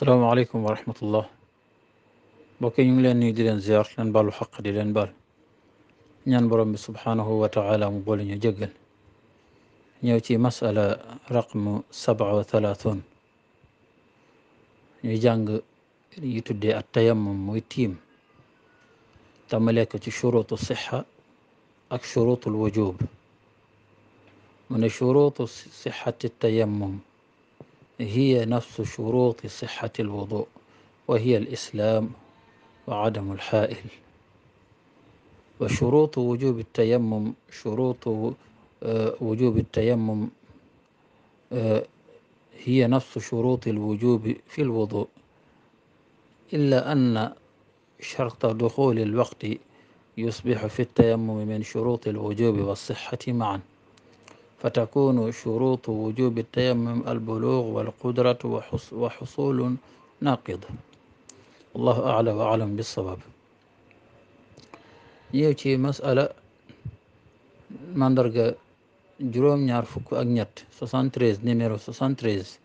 السلام عليكم ورحمة الله بوكي يوم لأني دلن زيار حق وحق دلن بال نيان برمي سبحانه وتعالى مقول نجغل نيوتي مسألة رقم سبعة وثلاثون نيجانغ يتدي التيمم ويتيم تملكة شروط الصحة أك شروط الوجوب من شروط صحة التيمم هي نفس شروط صحة الوضوء وهي الإسلام وعدم الحائل وشروط وجوب التيمم شروط آه، وجوب التيمم آه، هي نفس شروط الوجوب في الوضوء إلا أن شرط دخول الوقت يصبح في التيمم من شروط الوجوب والصحة معا فتكون شروط وجوب التيمم البلوغ والقدرة وحصول ناقض الله أعلى وأعلم بالصواب يوتي مسألة مندرجة جروم نار فوك أغنيت سوسانتريز نيميرو سوسانتريز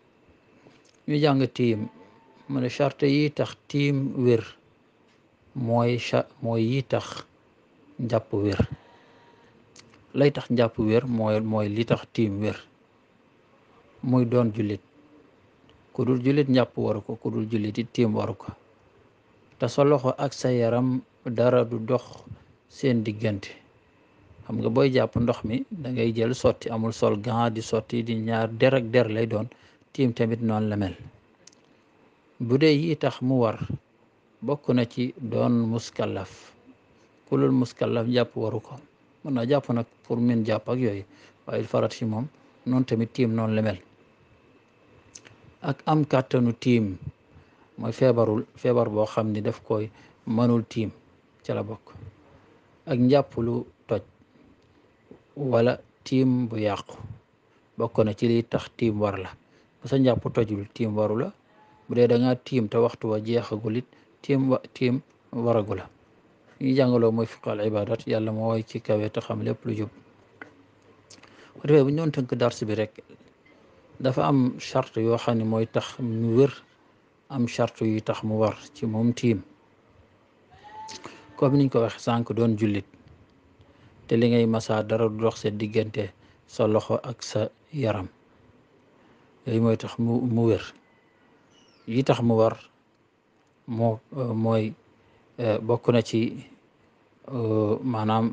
يجانج تيم من شرط يتخ تيم وير موي شا موي يتخ جاب وير lay tax njàpp wér mooy mooy li tax tiim wér muy doon jullit ku dul njàpp waru ko ku dul jullit tiim waru ko te sa loxo ak sa yaram dara du dox seen diggante xam nga booy jàpp ndox mi da ngay jël sotti amul sol gan di sotti di ñaar der ak der lay doon tiim tamit noonu la bu dee yi tax mu war bokk na ci doon muskallaf ku dul muskallaf njàpp waru ko mën naa jàpp nag pour mën jàpp ak yooyu waaye farat si moom noonu tamit tiim noonu la mel ak am kattanu tiim mooy feebarul feebar boo xam ni daf koy manul tiim ca la bokk ak njàpp toj wala tiim bu yàqu bokk na ci liy tax tiim warla la bu sa njàpp tojul tiim waru la bu dee tiim te waxtu wa jeexagul it tiim wa ñu jàngaloo mooy fiqh ibadat yàlla mo way ci kawe ta xam lépp lu jub rew bu ñoon tank tënk dars bi rek dafa am charte yo xani moy tax mu wér am charte yu tax mu war ci moom tiim comme niñ ko wax sank doon julit te li ngay massa dara du dox sa digënté sa loxo ak sa yaram yooyu moy tax mu wér yi tax mu war mo moy Eh, bokk na ci eh, maanaam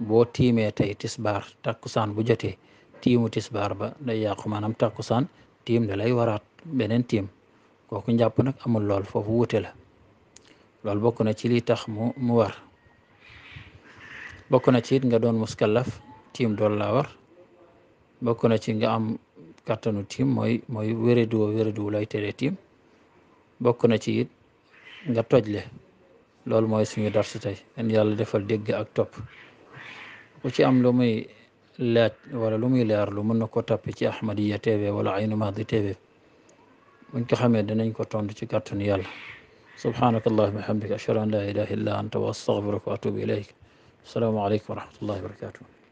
boo tiime tey tisbaar takkusaan bu jotee tiimu tisbaar ba day yàqu maanaam takkusaan tiim da lay waraat beneen tiim kooku njàpp nag amul lool foofu wuute la loolu bokk na ci li tax mu mu war bokk na ci it nga doon muskallaf tiim dool la war bokk na ci nga am kattanu tiim mooy mooy wéréduwo wéréduwu lay tere tiim bokk na ci it nga tojle loolu mooy suñu darsu tey yàlla defal dégg ak topp ku ci am lu muy laaj wala lu muy leer lu mën na ko tàpp ci Ahmadiyya TV wala Aynu Mahdi TV buñ ko xamee dinañ ko tontu ci kàttanu yàlla subhanaka allahumma wa bihamdika ashhadu an la ilaha illa anta wa astaghfiruka wa atubu ilayk assalaamu aleykum wa rahmatullahi wa